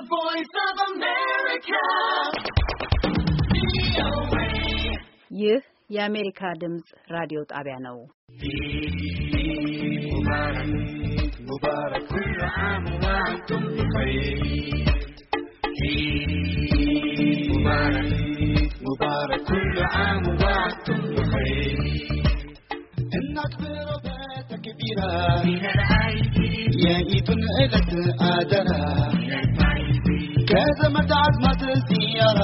The voice of America. ይህ የአሜሪካ ድምፅ ራዲዮ ጣቢያ ነው። كبيرة من العين يا إيد العلة آدرا ከዘመድ አዝማት ሲያራ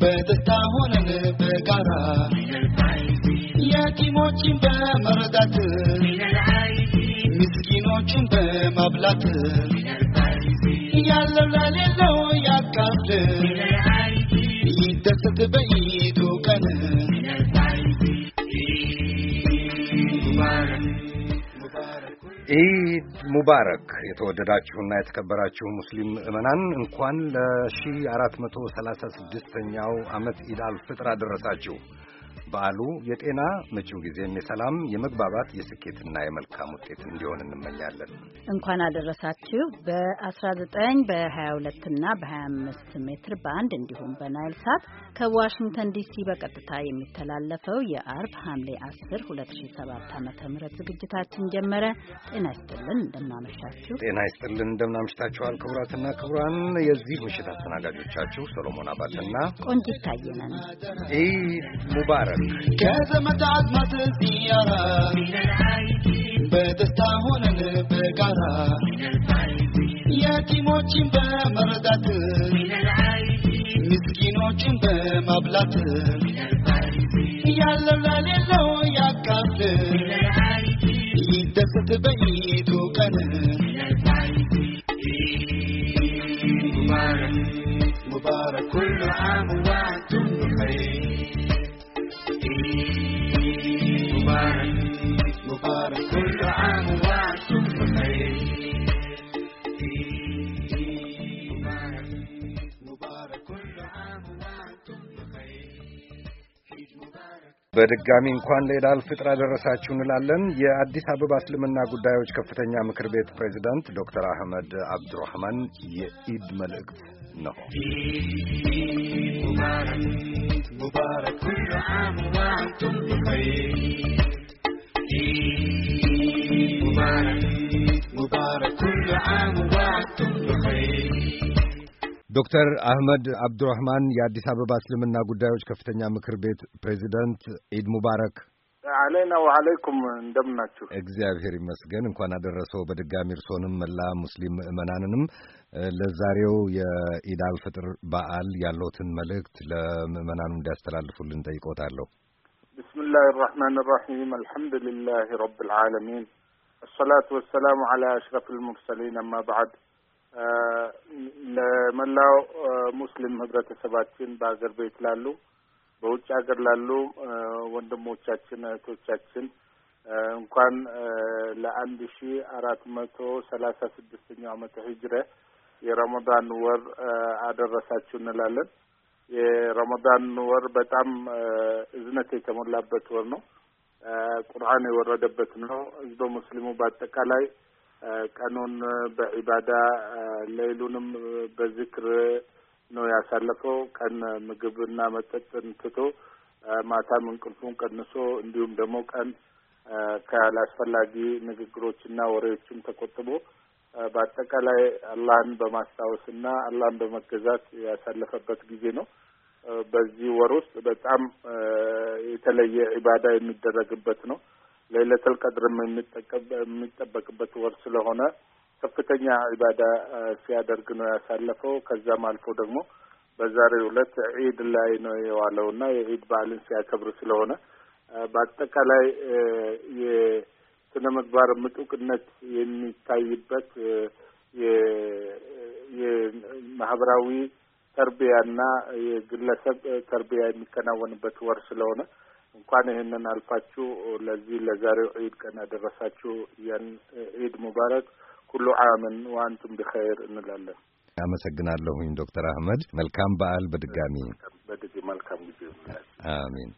በደስታ ሆነን በጋራ የቲሞችን በመረዳት ምስኪኖችን በማብላት ያለው ለሌለው ያካፍል ይደሰት ኢድ ሙባረክ የተወደዳችሁና የተከበራችሁ ሙስሊም ምዕመናን እንኳን ለ1436ኛው ዓመት ኢድ አልፍጥር አደረሳችሁ። በዓሉ የጤና መጪው ጊዜም የሰላም፣ የመግባባት፣ የስኬትና የመልካም ውጤት እንዲሆን እንመኛለን። እንኳን አደረሳችሁ። በ19 በ22 እና በ25 ሜትር ባንድ እንዲሁም በናይል ሳት ከዋሽንግተን ዲሲ በቀጥታ የሚተላለፈው የአርብ ሐምሌ 10 2007 ዓ ም ዝግጅታችን ጀመረ። ጤና ይስጥልን፣ እንደምናመሻችሁ። ጤና ይስጥልን፣ እንደምናመሽታችኋል። ክቡራትና ክቡራን የዚህ ምሽት አስተናጋጆቻችሁ ሰሎሞን አባልና ቆንጂት ታየነን። ኢድ ሙባረክ ከዘመድ አዝማት ዝያራ በደስታ ሆነን በጋራ የቲሞችን በመረዳት ምስኪኖችን በማብላት ያለው ለሌለው ያካፍል ይደሰት በይ በድጋሚ እንኳን ለኢድ አልፍጥር አደረሳችሁ እንላለን። የአዲስ አበባ እስልምና ጉዳዮች ከፍተኛ ምክር ቤት ፕሬዚዳንት ዶክተር አህመድ አብዱራህማን የኢድ መልእክት ነው። ሙባረክ ዶክተር አህመድ አብዱራህማን የአዲስ አበባ እስልምና ጉዳዮች ከፍተኛ ምክር ቤት ፕሬዚደንት፣ ኢድ ሙባረክ። አለይና ወአለይኩም እንደምን ናችሁ? እግዚአብሔር ይመስገን። እንኳን አደረሰው በድጋሚ እርሶንም መላ ሙስሊም ምዕመናንንም ለዛሬው የኢድ አልፍጥር በዓል ያለትን መልእክት ለምዕመናኑ እንዲያስተላልፉልን ጠይቆታለሁ። ብስሚላህ ራህማን ራሒም አልሐምዱሊላህ ረብ ልዓለሚን አሰላቱ ወሰላሙ ዐላ አሽረፍ ልሙርሰሊን አማ በዕድ ለመላው ሙስሊም ህብረተሰባችን በሀገር ቤት ላሉ፣ በውጭ ሀገር ላሉ ወንድሞቻችን እህቶቻችን እንኳን ለአንድ ሺ አራት መቶ ሰላሳ ስድስተኛው አመተ ህጅረ የረመዳን ወር አደረሳችሁ እንላለን። የረመዳን ወር በጣም እዝነት የተሞላበት ወር ነው። ቁርአን የወረደበት ነው። ህዝበ ሙስሊሙ በአጠቃላይ ቀኑን በዒባዳ ሌሉንም በዝክር ነው ያሳለፈው። ቀን ምግብና መጠጥን ትቶ ማታም እንቅልፉን ቀንሶ እንዲሁም ደግሞ ቀን ካላስፈላጊ ንግግሮችና ወሬዎችም ተቆጥቦ በአጠቃላይ አላህን በማስታወስና አላህን በመገዛት ያሳለፈበት ጊዜ ነው። በዚህ ወር ውስጥ በጣም የተለየ ዒባዳ የሚደረግበት ነው። ለይለተል ቀድርም የሚጠበቅበት ወር ስለሆነ ከፍተኛ ኢባዳ ሲያደርግ ነው ያሳለፈው። ከዛም አልፎ ደግሞ በዛሬው ዕለት ዒድ ላይ ነው የዋለው እና የዒድ በዓልን ሲያከብር ስለሆነ በአጠቃላይ የስነ ምግባር ምጡቅነት የሚታይበት የማህበራዊ ተርቢያና የግለሰብ ተርቢያ የሚከናወንበት ወር ስለሆነ እንኳን ይህንን አልፋችሁ ለዚህ ለዛሬው ዒድ ቀን ያደረሳችሁ። ያን ዒድ ሙባረክ ኩሉ ዓምን ዋንቱም ብኸይር እንላለን። አመሰግናለሁኝ ዶክተር አህመድ መልካም በዓል በድጋሚ በድግ መልካም ጊዜ አሚን።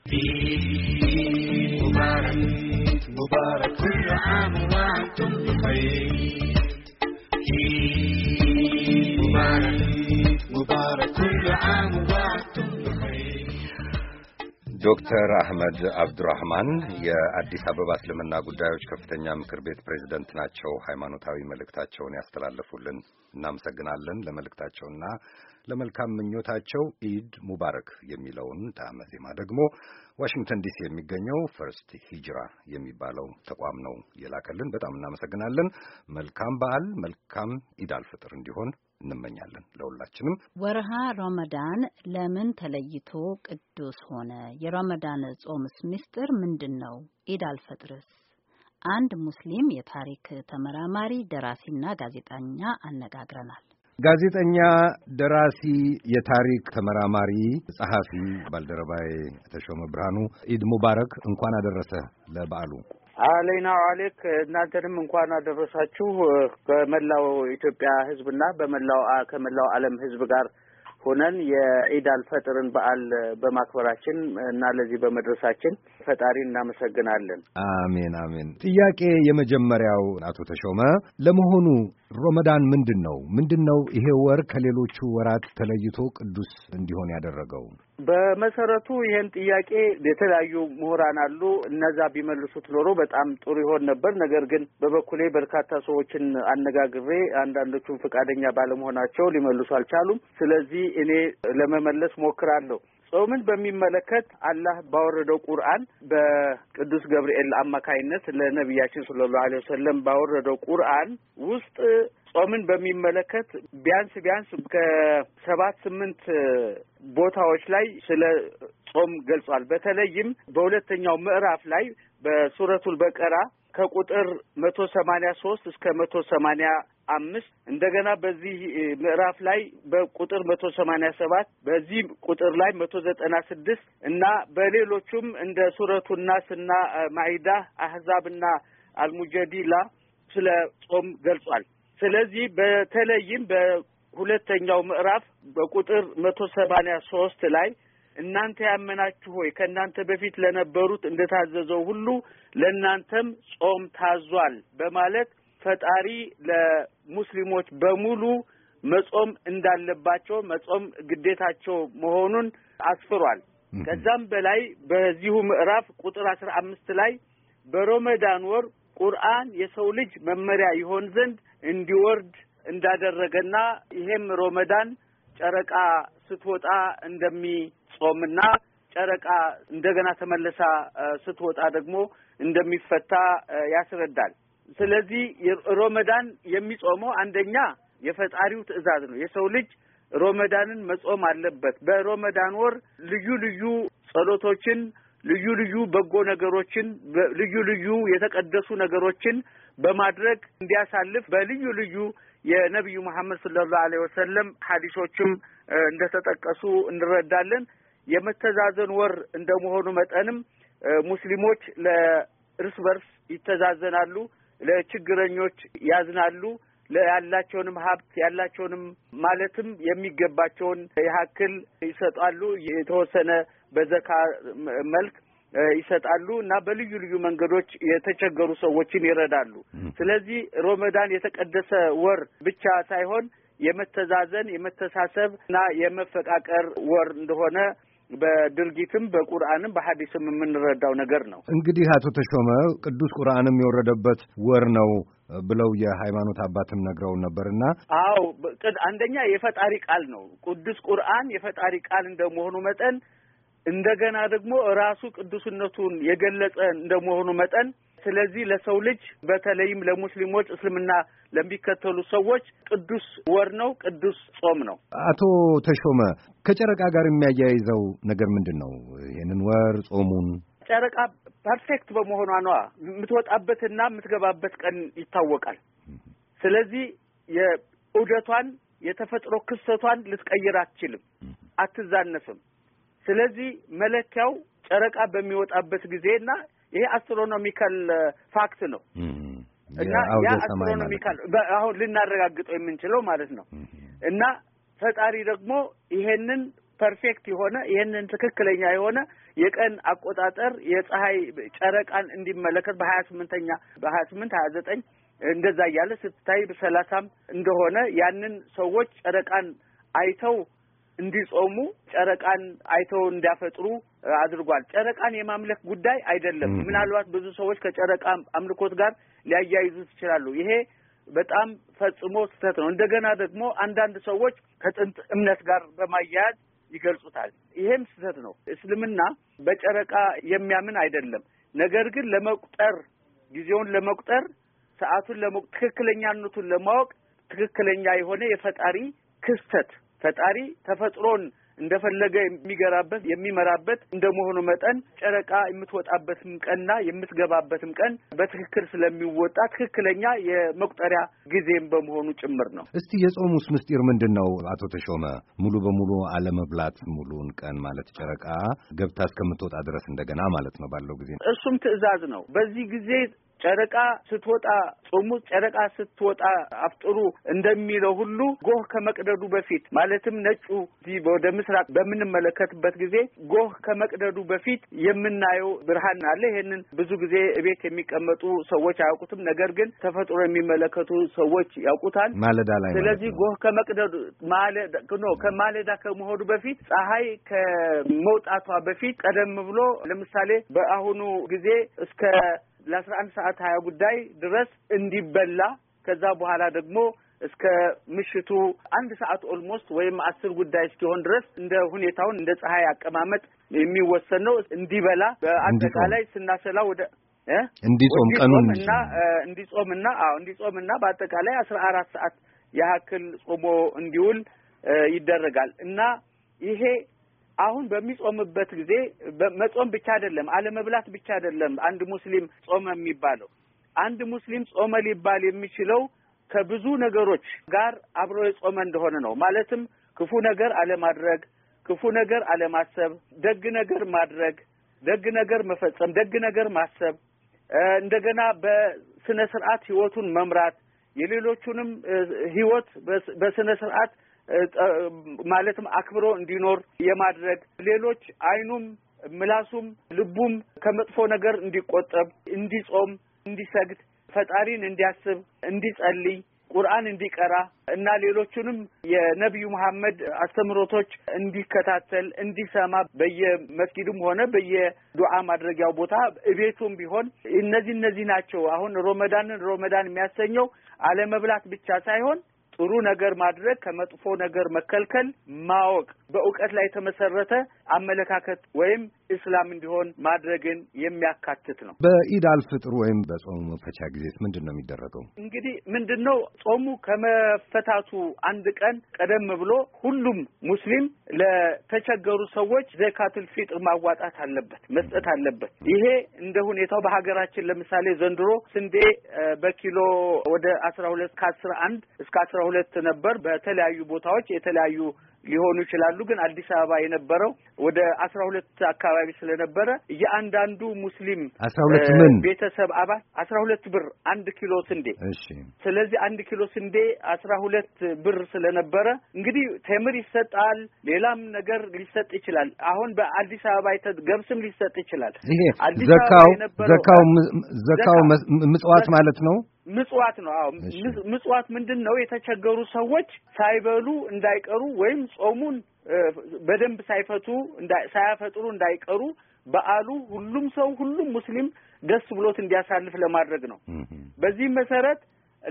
ሙባረክ ሙባረክ ኩሉ ዓም ዋንቱም ብኸይር ሙባረክ ኩሉ ዓም ዶክተር አህመድ አብዱራህማን የአዲስ አበባ እስልምና ጉዳዮች ከፍተኛ ምክር ቤት ፕሬዝደንት ናቸው። ሃይማኖታዊ መልእክታቸውን ያስተላለፉልን እናመሰግናለን። ለመልእክታቸውና ለመልካም ምኞታቸው ኢድ ሙባረክ የሚለውን ጣዕመ ዜማ ደግሞ ዋሽንግተን ዲሲ የሚገኘው ፈርስት ሂጅራ የሚባለው ተቋም ነው የላከልን። በጣም እናመሰግናለን። መልካም በዓል፣ መልካም ኢድ አልፍጥር እንዲሆን እንመኛለን ለሁላችንም። ወርሃ ረመዳን ለምን ተለይቶ ቅዱስ ሆነ? የረመዳን ጾምስ ምስጢር ምንድን ነው? ኢድ አልፈጥርስ? አንድ ሙስሊም የታሪክ ተመራማሪ ደራሲና ጋዜጠኛ አነጋግረናል። ጋዜጠኛ፣ ደራሲ፣ የታሪክ ተመራማሪ፣ ጸሐፊ ባልደረባዬ ተሾመ ብርሃኑ ኢድ ሙባረክ። እንኳን አደረሰ ለበዓሉ። አለይና አሌክ እናንተንም እንኳን አደረሳችሁ ከመላው ኢትዮጵያ ሕዝብና በመላው ከመላው ዓለም ሕዝብ ጋር ሆነን የኢድ አልፈጥርን በዓል በማክበራችን እና ለዚህ በመድረሳችን ፈጣሪ እናመሰግናለን። አሜን አሜን። ጥያቄ የመጀመሪያው አቶ ተሾመ ለመሆኑ ሮመዳን ምንድን ነው? ምንድን ነው ይሄ ወር ከሌሎቹ ወራት ተለይቶ ቅዱስ እንዲሆን ያደረገው? በመሰረቱ ይሄን ጥያቄ የተለያዩ ምሁራን አሉ። እነዛ ቢመልሱት ኖሮ በጣም ጥሩ ይሆን ነበር። ነገር ግን በበኩሌ በርካታ ሰዎችን አነጋግሬ አንዳንዶቹን ፈቃደኛ ባለመሆናቸው ሊመልሱ አልቻሉም። ስለዚህ እኔ ለመመለስ ሞክራለሁ። ጾምን በሚመለከት አላህ ባወረደው ቁርአን በቅዱስ ገብርኤል አማካይነት ለነቢያችን ሰለላሁ ዐለይሂ ወሰለም ባወረደው ቁርአን ውስጥ ጾምን በሚመለከት ቢያንስ ቢያንስ ከሰባት ስምንት ቦታዎች ላይ ስለ ጾም ገልጿል። በተለይም በሁለተኛው ምዕራፍ ላይ በሱረቱል በቀራ ከቁጥር መቶ ሰማኒያ ሶስት እስከ መቶ ሰማኒያ አምስት እንደገና በዚህ ምዕራፍ ላይ በቁጥር መቶ ሰማኒያ ሰባት በዚህ ቁጥር ላይ መቶ ዘጠና ስድስት እና በሌሎቹም እንደ ሱረቱ ናስ እና አህዛብና አልሙጀዲላ ስለ ጾም ገልጿል። ስለዚህ በተለይም በሁለተኛው ምዕራፍ በቁጥር መቶ ሰማኒያ ሶስት ላይ እናንተ ያመናችሁ ሆይ ከእናንተ በፊት ለነበሩት እንደታዘዘው ሁሉ ለእናንተም ጾም ታዟል በማለት ፈጣሪ ለሙስሊሞች በሙሉ መጾም እንዳለባቸው መጾም ግዴታቸው መሆኑን አስፍሯል። ከዛም በላይ በዚሁ ምዕራፍ ቁጥር አስራ አምስት ላይ በሮመዳን ወር ቁርአን የሰው ልጅ መመሪያ ይሆን ዘንድ እንዲወርድ እንዳደረገና ይሄም ሮመዳን ጨረቃ ስትወጣ እንደሚጾምና ጨረቃ እንደገና ተመልሳ ስትወጣ ደግሞ እንደሚፈታ ያስረዳል። ስለዚህ ሮመዳን የሚጾመው አንደኛ የፈጣሪው ትዕዛዝ ነው። የሰው ልጅ ሮመዳንን መጾም አለበት። በሮመዳን ወር ልዩ ልዩ ጸሎቶችን፣ ልዩ ልዩ በጎ ነገሮችን፣ ልዩ ልዩ የተቀደሱ ነገሮችን በማድረግ እንዲያሳልፍ በልዩ ልዩ የነቢዩ መሐመድ ሰለላሁ ዐለይሂ ወሰለም ሐዲሶችም እንደተጠቀሱ እንረዳለን። የመተዛዘን ወር እንደመሆኑ መጠንም ሙስሊሞች ለእርስ በርስ ይተዛዘናሉ። ለችግረኞች ያዝናሉ። ያላቸውንም ሀብት ያላቸውንም ማለትም የሚገባቸውን ያህል ይሰጣሉ። የተወሰነ በዘካ መልክ ይሰጣሉ እና በልዩ ልዩ መንገዶች የተቸገሩ ሰዎችን ይረዳሉ። ስለዚህ ሮመዳን የተቀደሰ ወር ብቻ ሳይሆን የመተዛዘን፣ የመተሳሰብ እና የመፈቃቀር ወር እንደሆነ በድርጊትም በቁርአንም በሀዲስም የምንረዳው ነገር ነው። እንግዲህ አቶ ተሾመ ቅዱስ ቁርአንም የወረደበት ወር ነው ብለው የሃይማኖት አባትም ነግረውን ነበርና፣ አዎ፣ አንደኛ የፈጣሪ ቃል ነው። ቅዱስ ቁርአን የፈጣሪ ቃል እንደመሆኑ መጠን እንደገና ደግሞ ራሱ ቅዱስነቱን የገለጸ እንደመሆኑ መጠን ስለዚህ ለሰው ልጅ በተለይም ለሙስሊሞች እስልምና ለሚከተሉ ሰዎች ቅዱስ ወር ነው፣ ቅዱስ ጾም ነው። አቶ ተሾመ ከጨረቃ ጋር የሚያያይዘው ነገር ምንድን ነው? ይህንን ወር ጾሙን ጨረቃ ፐርፌክት በመሆኗ ነዋ የምትወጣበትና የምትገባበት ቀን ይታወቃል። ስለዚህ የእውደቷን የተፈጥሮ ክስተቷን ልትቀይር አትችልም፣ አትዛነፍም። ስለዚህ መለኪያው ጨረቃ በሚወጣበት ጊዜና ይሄ አስትሮኖሚካል ፋክት uh, ነው እና ያ አስትሮኖሚካል አሁን ልናረጋግጠው የምንችለው ማለት ነው እና ፈጣሪ ደግሞ ይሄንን ፐርፌክት የሆነ ይህንን ትክክለኛ የሆነ የቀን አቆጣጠር የፀሐይ ጨረቃን እንዲመለከት በሀያ ስምንተኛ በሀያ ስምንት ሀያ ዘጠኝ እንደዛ እያለ ስትታይ በሰላሳም እንደሆነ ያንን ሰዎች ጨረቃን አይተው እንዲጾሙ ጨረቃን አይተው እንዲያፈጥሩ አድርጓል። ጨረቃን የማምለክ ጉዳይ አይደለም። ምናልባት ብዙ ሰዎች ከጨረቃ አምልኮት ጋር ሊያያይዙት ይችላሉ። ይሄ በጣም ፈጽሞ ስህተት ነው። እንደገና ደግሞ አንዳንድ ሰዎች ከጥንት እምነት ጋር በማያያዝ ይገልጹታል። ይሄም ስህተት ነው። እስልምና በጨረቃ የሚያምን አይደለም። ነገር ግን ለመቁጠር ጊዜውን ለመቁጠር ሰዓቱን ለመቁ ትክክለኛነቱን ለማወቅ ትክክለኛ የሆነ የፈጣሪ ክስተት ፈጣሪ ተፈጥሮን እንደፈለገ የሚገራበት የሚመራበት እንደመሆኑ መጠን ጨረቃ የምትወጣበትም ቀንና የምትገባበትም ቀን በትክክል ስለሚወጣ ትክክለኛ የመቁጠሪያ ጊዜም በመሆኑ ጭምር ነው። እስቲ የጾሙስ ምስጢር ምንድን ነው? አቶ ተሾመ ሙሉ በሙሉ አለመብላት ሙሉን ቀን ማለት ጨረቃ ገብታ እስከምትወጣ ድረስ እንደገና ማለት ነው ባለው ጊዜ እሱም ትዕዛዝ ነው። በዚህ ጊዜ ጨረቃ ስትወጣ ጾሙ ጨረቃ ስትወጣ አፍጥሩ እንደሚለው ሁሉ ጎህ ከመቅደዱ በፊት ማለትም ነጩ ወደ ምስራቅ በምንመለከትበት ጊዜ ጎህ ከመቅደዱ በፊት የምናየው ብርሃን አለ። ይህንን ብዙ ጊዜ ቤት የሚቀመጡ ሰዎች አያውቁትም። ነገር ግን ተፈጥሮ የሚመለከቱ ሰዎች ያውቁታል። ማለዳ ላይ ስለዚህ ጎህ ከመቅደዱ ማለዳ ከማለዳ ከመሆኑ በፊት ፀሐይ ከመውጣቷ በፊት ቀደም ብሎ ለምሳሌ በአሁኑ ጊዜ እስከ ለአስራ አንድ ሰዓት ሀያ ጉዳይ ድረስ እንዲበላ ከዛ በኋላ ደግሞ እስከ ምሽቱ አንድ ሰዓት ኦልሞስት ወይም አስር ጉዳይ እስኪሆን ድረስ እንደ ሁኔታውን እንደ ፀሐይ አቀማመጥ የሚወሰን ነው። እንዲበላ በአጠቃላይ ስናሰላ ወደ እንዲጾም ቀኑን እና እንዲጾምና አዎ እንዲጾምና በአጠቃላይ አስራ አራት ሰዓት ያክል ጾሞ እንዲውል ይደረጋል እና ይሄ አሁን በሚጾምበት ጊዜ መጾም ብቻ አይደለም፣ አለመብላት ብቻ አይደለም። አንድ ሙስሊም ጾመ የሚባለው አንድ ሙስሊም ጾመ ሊባል የሚችለው ከብዙ ነገሮች ጋር አብሮ የጾመ እንደሆነ ነው። ማለትም ክፉ ነገር አለማድረግ፣ ክፉ ነገር አለማሰብ፣ ደግ ነገር ማድረግ፣ ደግ ነገር መፈጸም፣ ደግ ነገር ማሰብ፣ እንደገና በስነ ስርዓት ህይወቱን መምራት የሌሎቹንም ህይወት በስነ ስርዓት ማለትም አክብሮ እንዲኖር የማድረግ ሌሎች አይኑም ምላሱም ልቡም ከመጥፎ ነገር እንዲቆጠብ፣ እንዲጾም፣ እንዲሰግድ፣ ፈጣሪን እንዲያስብ፣ እንዲጸልይ፣ ቁርአን እንዲቀራ እና ሌሎቹንም የነቢዩ መሐመድ አስተምህሮቶች እንዲከታተል፣ እንዲሰማ በየመስጊድም ሆነ በየዱዓ ማድረጊያው ቦታ እቤቱም ቢሆን እነዚህ እነዚህ ናቸው። አሁን ሮመዳንን ሮመዳን የሚያሰኘው አለመብላት ብቻ ሳይሆን ጥሩ ነገር ማድረግ ከመጥፎ ነገር መከልከል ማወቅ በእውቀት ላይ የተመሰረተ አመለካከት ወይም እስላም እንዲሆን ማድረግን የሚያካትት ነው። በኢድ አልፍጥር ወይም በጾሙ መፈቻ ጊዜ ምንድን ነው የሚደረገው? እንግዲህ ምንድን ነው ጾሙ ከመፈታቱ አንድ ቀን ቀደም ብሎ ሁሉም ሙስሊም ለተቸገሩ ሰዎች ዘካትል ፊጥር ማዋጣት አለበት፣ መስጠት አለበት። ይሄ እንደ ሁኔታው በሀገራችን ለምሳሌ ዘንድሮ ስንዴ በኪሎ ወደ አስራ ሁለት ከአስራ አንድ እስከ አስራ ሁለት ነበር። በተለያዩ ቦታዎች የተለያዩ ሊሆኑ ይችላሉ። ግን አዲስ አበባ የነበረው ወደ አስራ ሁለት አካባቢ ስለነበረ የአንዳንዱ ሙስሊም አስራ ሁለት ምን ቤተሰብ አባል አስራ ሁለት ብር አንድ ኪሎ ስንዴ። እሺ፣ ስለዚህ አንድ ኪሎ ስንዴ አስራ ሁለት ብር ስለነበረ እንግዲህ ቴምር ይሰጣል፣ ሌላም ነገር ሊሰጥ ይችላል። አሁን በአዲስ አበባ ገብስም ሊሰጥ ይችላል። ይሄ ዘካው ዘካው ምጽዋት ማለት ነው። ምጽዋት ነው። አዎ ምጽዋት ምንድን ነው? የተቸገሩ ሰዎች ሳይበሉ እንዳይቀሩ ወይም ጾሙን በደንብ ሳይፈቱ ሳያፈጥሩ እንዳይቀሩ በዓሉ ሁሉም ሰው ሁሉም ሙስሊም ደስ ብሎት እንዲያሳልፍ ለማድረግ ነው። በዚህም መሰረት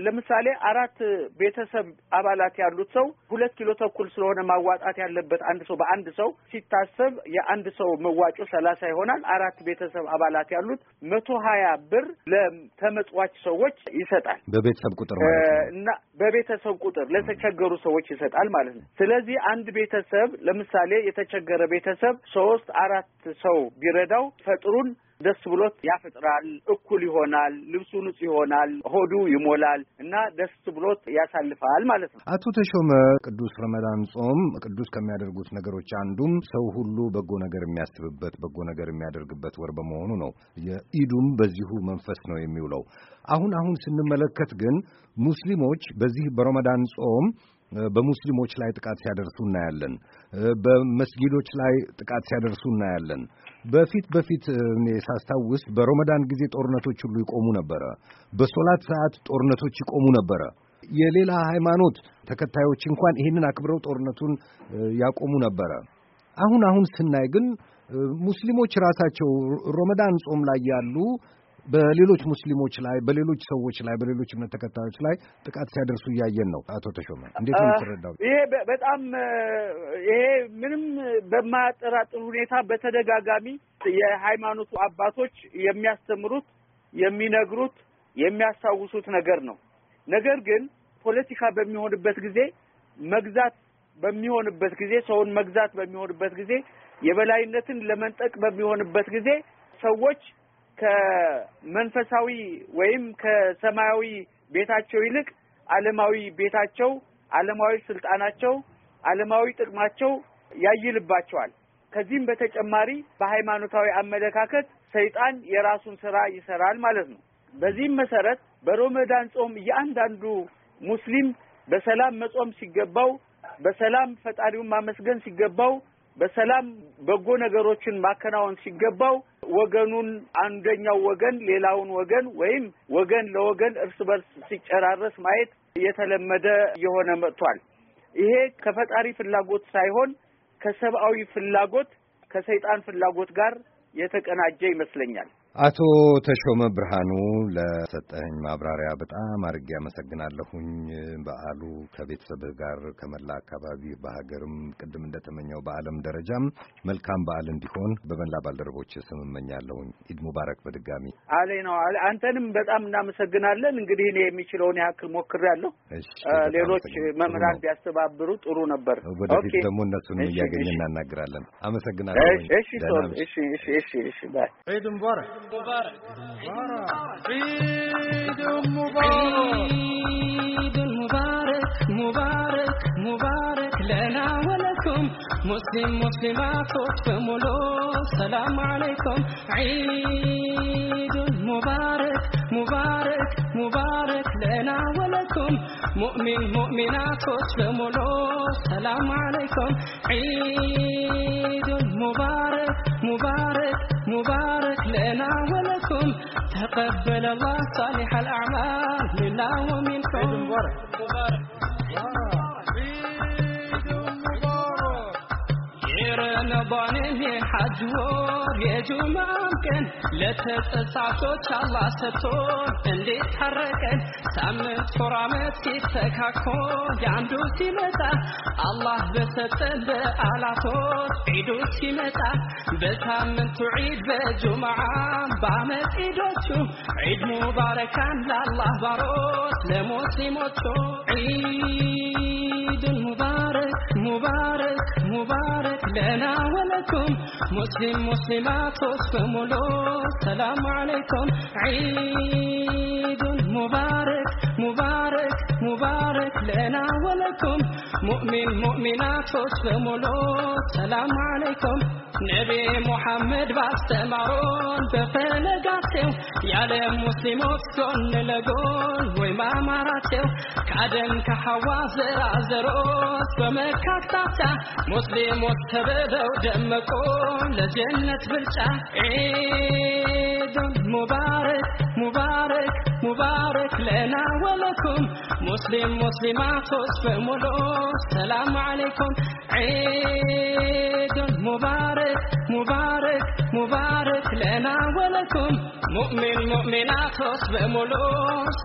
ለምሳሌ አራት ቤተሰብ አባላት ያሉት ሰው ሁለት ኪሎ ተኩል ስለሆነ ማዋጣት ያለበት አንድ ሰው በአንድ ሰው ሲታሰብ የአንድ ሰው መዋጮ ሰላሳ ይሆናል። አራት ቤተሰብ አባላት ያሉት መቶ ሀያ ብር ለተመጽዋች ሰዎች ይሰጣል። በቤተሰብ ቁጥር እና በቤተሰብ ቁጥር ለተቸገሩ ሰዎች ይሰጣል ማለት ነው። ስለዚህ አንድ ቤተሰብ ለምሳሌ የተቸገረ ቤተሰብ ሶስት አራት ሰው ቢረዳው ፈጥሩን ደስ ብሎት ያፈጥራል፣ እኩል ይሆናል፣ ልብሱ ንጹህ ይሆናል፣ ሆዱ ይሞላል እና ደስ ብሎት ያሳልፋል ማለት ነው። አቶ ተሾመ ቅዱስ ረመዳን ጾም ቅዱስ ከሚያደርጉት ነገሮች አንዱም ሰው ሁሉ በጎ ነገር የሚያስብበት በጎ ነገር የሚያደርግበት ወር በመሆኑ ነው። የኢዱም በዚሁ መንፈስ ነው የሚውለው። አሁን አሁን ስንመለከት ግን ሙስሊሞች በዚህ በረመዳን ጾም በሙስሊሞች ላይ ጥቃት ሲያደርሱ እናያለን። በመስጊዶች ላይ ጥቃት ሲያደርሱ እናያለን። በፊት በፊት ሳስታውስ በሮመዳን ጊዜ ጦርነቶች ሁሉ ይቆሙ ነበረ። በሶላት ሰዓት ጦርነቶች ይቆሙ ነበረ። የሌላ ሃይማኖት ተከታዮች እንኳን ይህንን አክብረው ጦርነቱን ያቆሙ ነበረ። አሁን አሁን ስናይ ግን ሙስሊሞች ራሳቸው ሮመዳን ጾም ላይ ያሉ በሌሎች ሙስሊሞች ላይ፣ በሌሎች ሰዎች ላይ፣ በሌሎች እምነት ተከታዮች ላይ ጥቃት ሲያደርሱ እያየን ነው። አቶ ተሾመ እንዴት ነው የምትረዳው? ይሄ በጣም ይሄ ምንም በማያጠራጥር ሁኔታ በተደጋጋሚ የሃይማኖቱ አባቶች የሚያስተምሩት፣ የሚነግሩት፣ የሚያስታውሱት ነገር ነው። ነገር ግን ፖለቲካ በሚሆንበት ጊዜ መግዛት በሚሆንበት ጊዜ ሰውን መግዛት በሚሆንበት ጊዜ የበላይነትን ለመንጠቅ በሚሆንበት ጊዜ ሰዎች ከመንፈሳዊ ወይም ከሰማያዊ ቤታቸው ይልቅ ዓለማዊ ቤታቸው፣ ዓለማዊ ስልጣናቸው፣ ዓለማዊ ጥቅማቸው ያይልባቸዋል። ከዚህም በተጨማሪ በሃይማኖታዊ አመለካከት ሰይጣን የራሱን ስራ ይሰራል ማለት ነው። በዚህም መሰረት በሮመዳን ጾም እያንዳንዱ ሙስሊም በሰላም መጾም ሲገባው፣ በሰላም ፈጣሪውን ማመስገን ሲገባው፣ በሰላም በጎ ነገሮችን ማከናወን ሲገባው ወገኑን አንደኛው ወገን ሌላውን ወገን ወይም ወገን ለወገን እርስ በርስ ሲጨራረስ ማየት የተለመደ የሆነ መጥቷል። ይሄ ከፈጣሪ ፍላጎት ሳይሆን ከሰብአዊ ፍላጎት ከሰይጣን ፍላጎት ጋር የተቀናጀ ይመስለኛል። አቶ ተሾመ ብርሃኑ ለሰጠኝ ማብራሪያ በጣም አድርጌ አመሰግናለሁኝ። በዓሉ ከቤተሰብህ ጋር ከመላ አካባቢ በሀገርም ቅድም እንደተመኘው በዓለም ደረጃም መልካም በዓል እንዲሆን በመላ ባልደረቦች ስም እመኛለሁኝ። ኢድ ሙባረክ። በድጋሚ አሌ ነው። አንተንም በጣም እናመሰግናለን። እንግዲህ እኔ የሚችለውን ያክል ሞክሬያለሁ። ሌሎች መምህራን ቢያስተባብሩ ጥሩ ነበር። ወደፊት ደግሞ እነሱን እያገኘ እናናግራለን። አመሰግናለሁ። እሺ፣ እሺ፣ እሺ፣ እሺ፣ እሺ፣ ባይ። ኢድ ሙባረክ። مبارك عيد مبارك عيد مبارك مبارك مبارك لنا ولكم مسلم مسلمات له السلام عليكم عيد مبارك مبارك مبارك لنا ولكم مؤمن مؤمنات له السلام عليكم عيد مبارك مبارك مبارك لنا ولكم تقبل الله صالح الأعمال لنا ومنكم عيد مبارك مبارك رمضان في حج وور يا جمعه ቀን ለተጸጻቾች አላህ ሰጥቶን እንዴት ታረቀን ሳምንት ፎር አመት ሲተካኮ የአንዱ ሲመጣ አላህ በሰጠን በአላቶት ዒዱ ሲመጣ በሳምንቱ ዒድ በጁምዓ በአመት ዒዶቹ ዒድ ሙባረካን ለአላህ ባሮት ለሙስሊሞቹ ዒድን ሙባረ ሙባረክ ሙባረክ ለና ወለኩም ሙስሊም ሙስሊማቶች በሙሉ ሰላም አለይኩም ዒዱን ሙባረክ ሙባረክ ሙባረክ ለና ወለኩም ሙእሚን ሙእሚናቶች በሙሉ ሰላም አለይኩም ነቢ ሙሐመድ ባስተማሮን በፈለጋቸው የዓለም ሙስሊሞች ጎን ለጎን ወይ ማማራቸው ከአደም ከሐዋ ዘራዘሮች በመ መካታታ ሙስሊሞች ተብለው ደመቁ ለጀነት ብልጫ ዒዱን ሙባረክ ሙባረክ ሙባረክ ለና ወለኩም ሙስሊም ሙስሊማቶች በሙሉ ሰላም አለይኩም ዒዱን ሙባረክ ሙባረክ ሙባረክ ለና ወለኩም ሙእሚን ሙእሚናቶች በሙሉ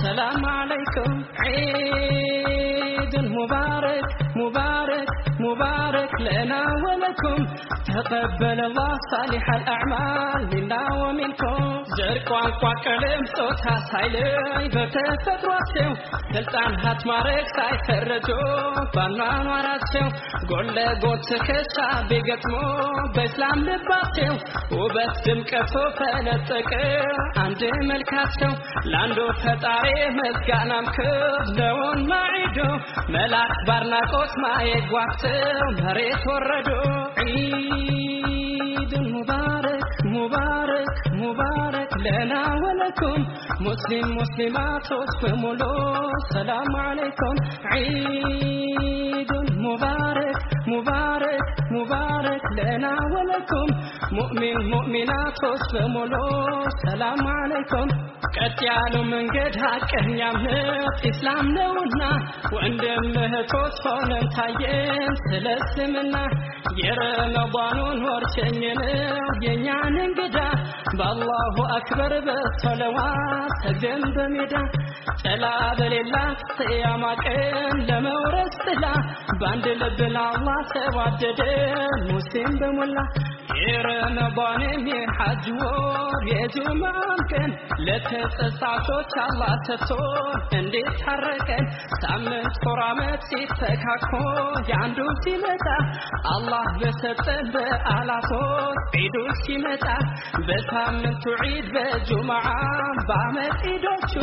ሰላም አለይኩም ዒድ عيد مبارك مبارك مبارك لنا ولكم تقبل الله صالح الأعمال منا ومنكم زر قوانقوا كلم صوتها سايلي بتفتراتهم سلطان هاتمارك ሳይፈረጁ ባኗኗራቸው ጎን ለጎን ትከሻ ቢገጥሙ በእስላም ልባቸው ውበት ድምቀቱ ተነጠቀ አንድ መልካቸው ለአንዱ ፈጣሪ መስጋናም ክብደውን ማዒዱ መልአክ ባርናቆት ማየጓቸው መሬት ወረዶ ዒድን ሙባረክ ሙባረክ ሙባረክ ለና ወለኩም ሙስሊም ሙስሊማቶች በሙሉ ሰላም አለይኩም ዒዱን ሙባረክ ሙባረክ ሙባረክ ለና ወለኩም ሙእሚን ሙእሚናቶች በሙሉ ሰላም አለይኩም ቀጥ ያለው መንገድ ሀቀኛ እምነት ኢስላም ነውና ወንድም እህቶች ሆነን ታየን ስለ እስልምና የረመዳኑን ወር ሸኘነው የእኛን እንግዳ በአላሁ አክበር በሰለዋት ሰግደን በሜዳ ጥላ በሌላ ቅያማ ቀን ለመውረስ ጥላ በአንድ ልብ ለአላህ ወደም ሙሴን በሞላ የረመዳንም የሐጅ ወር የጁማም ቀን ለተጸጻቾች አላህ ሰጥቶን እንዴት ታረቀን ሳምንት ፎር ዓመት ሲተካኮ የአንዱ ሲመጣ አላህ በሰጠን በዓላቶች ዒዱ ሲመጣ በሳምንቱ ዒድ በጁማዓ በአመት ዒዶቹ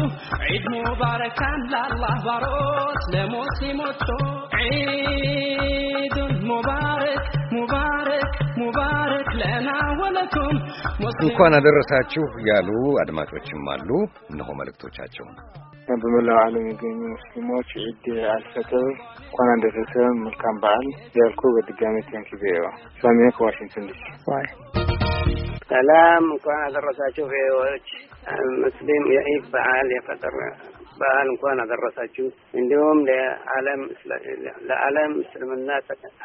ዒድ ሙባረካን ላላህ ባሮት ለሙስሊሞቹ ዒዱን ሙባረክ እንኳን አደረሳችሁ ያሉ አድማጮችም አሉ። እነሆ መልእክቶቻቸው። በመላው ዓለም የሚገኙ ሙስሊሞች ዒድ አልፈጥር እንኳን አደረሰ መልካም በዓል ያልኩ በድጋሚ ቴንክ ቪኦ ሳሚያ ከዋሽንግተን ዲሲ። ሰላም እንኳን አደረሳችሁ ቪኦዎች ሙስሊም የዒድ በዓል የፈጥር በዓል እንኳን አደረሳችሁ። እንዲሁም ለዓለም እስልምና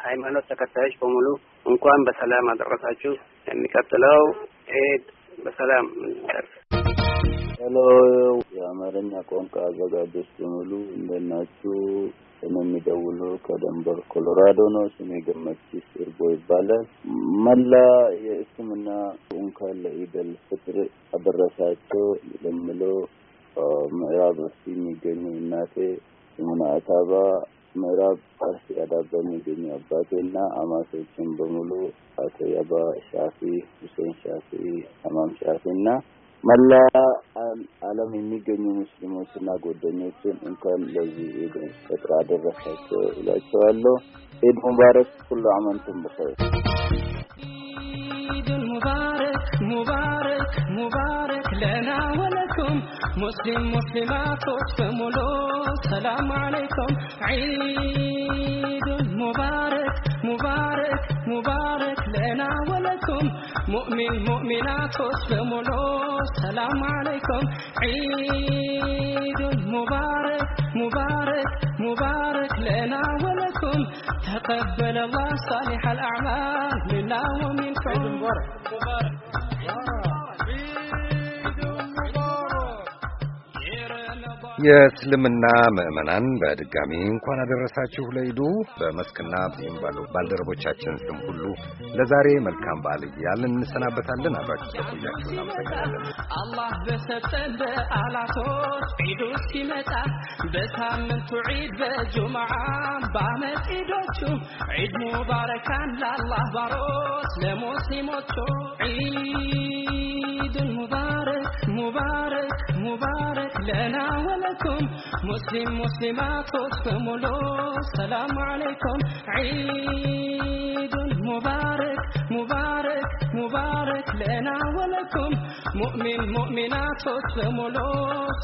ሃይማኖት ተከታዮች በሙሉ እንኳን በሰላም አደረሳችሁ። የሚቀጥለው ኤድ በሰላም እንደርስ። ሄሎ፣ የአማርኛ ቋንቋ አዘጋጆች በሙሉ እንደናችሁ። ስም የሚደውሉ ከደንበር ኮሎራዶ ነው። ስሜ ገመችስ እርቦ ይባላል። መላ የእስልምና እንኳን ለኢደል ፍጥር አደረሳቸው ለምለው ምዕራብ እርሲ የሚገኙ እናቴ ሙና አታባ፣ ምዕራብ አርሲ አዳባ የሚገኙ አባቴ አባቴና አማቶችን በሙሉ አቶ ያባ ሻፊ፣ ሁሴን ሻፊ፣ ሀማም ሻፊ እና መላ ዓለም የሚገኙ ሙስሊሞች ሙስሊሞችና ጓደኞችን እንኳን ለዚህ ኢድ ፈጥር አደረሳቸው እላቸዋለሁ። ኢድ ሙባረክ ኩሉ አመንቱም ብኸይር مبارك لنا ولكم مسلم مسلمات له السلام عليكم عيد مبارك مبارك مبارك لنا ولكم مؤمن مؤمنات له السلام عليكم عيد مبارك مبارك مبارك لنا ولكم تقبل الله صالح الأعمال منا ومنكم عيد مبارك مبارك የእስልምና ምዕመናን በድጋሚ እንኳን አደረሳችሁ ለኢዱ። በመስክና ብዙም ባልደረቦቻችን ስም ሁሉ ለዛሬ መልካም በዓል እያልን እንሰናበታለን። አብራችሁ ተቆያችሁ እናመሰግናለን። አላህ በሰጠን በዓላቶች ዒዱ ሲመጣ በሳምንቱ ዒድ በጁምዓ በአመት ዒዶቹ ዒድ ሙባረካን ለአላህ ባሮች ለሙስሊሞቹ ዒድን ሙባረክ ሙባረክ ሙባረክ لنا ولكم مسلم مسلمات اختم له السلام عليكم عيد ሙባረክ ሙባረክ ሙባረክ ለና ወለኩም ሙእሚን ሙእሚናቶች በሙሉ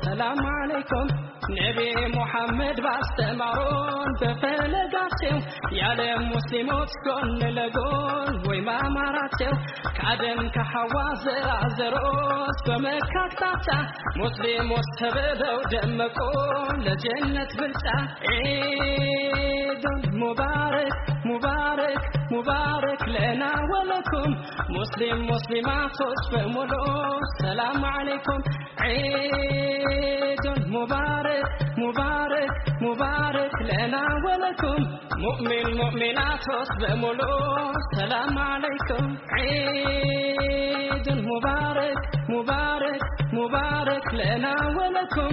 ሰላም አለይኩም ነቢ ሙሐመድ ባስተማሮን በፈለጋቸው ያለ ሙስሊሞች ጎን ለጎን ወይ ማማራቸው ከአደም ከሐዋ ዘራዘሮች በመካ ሙስሊሞች ተብለው ደመቁ ለጀነት ብልጫ ዒዱን ሙባረክ مبارك مبارك لنا ولكم مسلم مسلماتوች በሙሉ السلام عليكم عيد مبارك مبارك مبارك لنا ولكم مؤمن مؤمناتوች በሙሉ السلام عليكم عيد مبارك مبارك مبارك لنا ولكم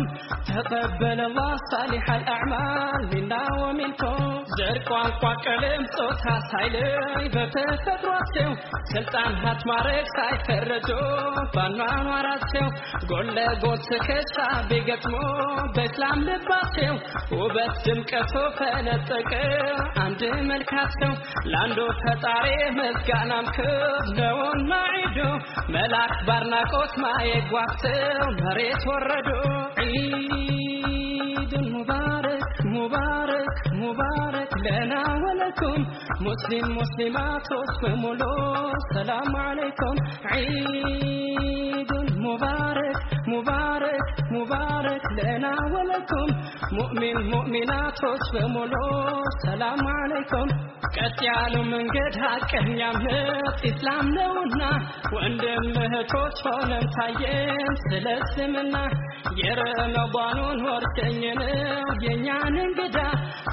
تقبل الله صالح الأعمال منا ومنكم زرق قوان كلمة ጾታ ሳይለይ በተፈጥሯቸው ስልጣን ሀት ማረግ ሳይፈረጆ ባኗኗራቸው ጎን ለጎን ትከሻ ቢገጥሞ በስላም ልባቸው ውበት ድምቀቶ ፈነጠቀ አንድ መልካቸው ለአንዱ ፈጣሪ ምስጋናም ክብ ነውና ዒዶ መልአክ ባርናቆት ማየጓቸው መሬት ወረዶ ዒድን ሙባረክ ሙባረክ مبارك لنا ولكم مسلم مسلمات بملو السلام عليكم عيد مبارك مبارك مبارك لنا ولكم ሙእሚን ሙእሚናቶች በሙሉ ሰላም አለይኩም። ቀጥ ያለው መንገድ ሀቀኛ እምነት ኢስላም ነውና ወንድም እህቶች ሆነን ታየን ስለ እስልምና የረመዳኑን ወር ሸኘነው የእኛን እንግዳ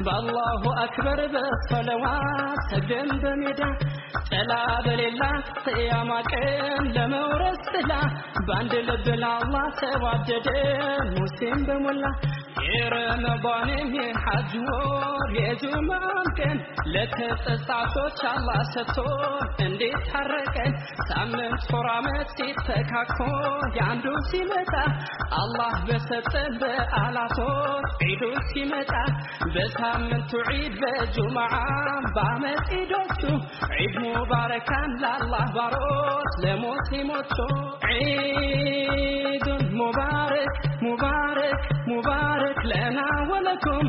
በአላሁ አክበር በሰለዋት ሰግደን በሜዳ ጥላ በሌላ ቅያማ ቀን ለመውረስ ጥላ በአንድ ልብ ለአላህ ተዋደደ ሙስሊም በሞላ የረመዳንም የሐጅ ወር የጁማን ቀን ለተጸጻቾች አላህ ሰጥቶ እንዴት ታረቀን ሳምንት ፎር አመት ሲተካኮ ያንዱ ሲመጣ አላህ በሰጠን በዓላቶች ዒዱ ሲመጣ በሳምንቱ ዒድ በጁማዓ በአመት ዒዶቹ ዒድ ሙባረካን ለአላህ ባሮች ለሙስሊሞቹ ዒዱን ሙባረክ ሙባረክ مبارك لنا ولكم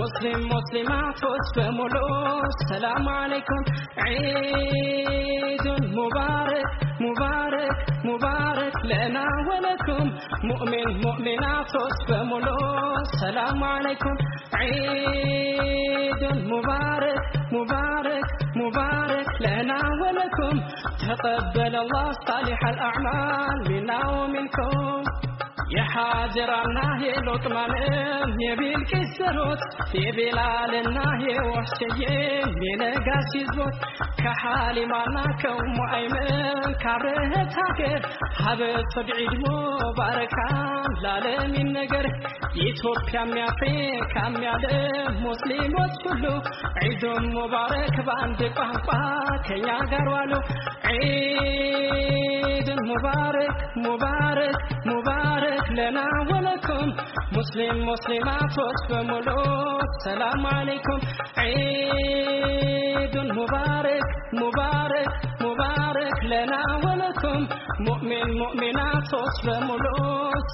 مسلم مسلمة وصف ملو السلام عليكم عيد مبارك مبارك مبارك لنا ولكم مؤمن مؤمنات وصف ملو السلام عليكم عيد مبارك مبارك مبارك لنا ولكم تقبل الله صالح الأعمال منا ومنكم የሐጀራና የሎጥማንም የቢልቂስ ዘሮት የቤላልና የወሕሸዬም የነጋስ ሕዝቦት ከሓሊማና ከሙአይምን ካብረህት ሃገር ሃበት ሰብዒ ድሞ ባረካም ላለሚን ነገር የኢትዮጵያ የአፍሪካም ያለም ሙስሊሞች ሁሉ ዒዶም ሙባረክ በአንድ ቋንቋ ከኛ ጋር ዋሉ عيد مبارك مبارك مبارك لنا ولكم مسلم مسلماتوች በሙሉ سلام عليكم عيد مبارك مبارك مبارك لنا ولكم مؤمن مؤمناتوች በሙሉ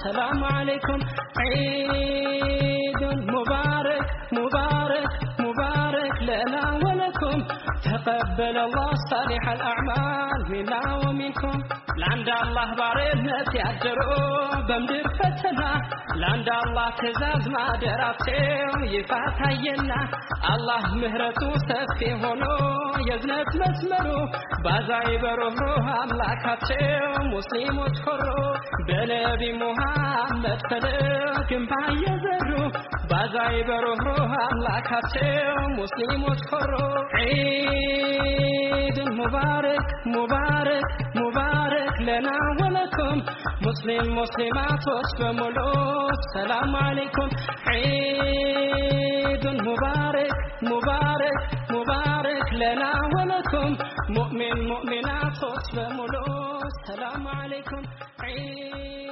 سلام عليكم عيد مبارك مبارك مبارك لنا ولكم منكم تقبل الله صالح الأعمال منا ومنكم لعند الله بارنة يعجروا بمدر فتنا لعند الله تزاز ما دراتيو يفاتينا الله مهرته سفي هونو يزنت مسمرو بازاي بروحروح አምላካቸው ሙስሊሞች ሆሮ በነቢ ሙሐመድ ፈለግ ግንባ بازاي ባዛይ الله كاتيو مسلم ሆሮ عيد مبارك مبارك مبارك لنا ولكم مسلم مسلمات وسلم السلام عليكم عيد مبارك مبارك مبارك لنا ولكم مؤمن مؤمنات وسلم السلام عليكم عيد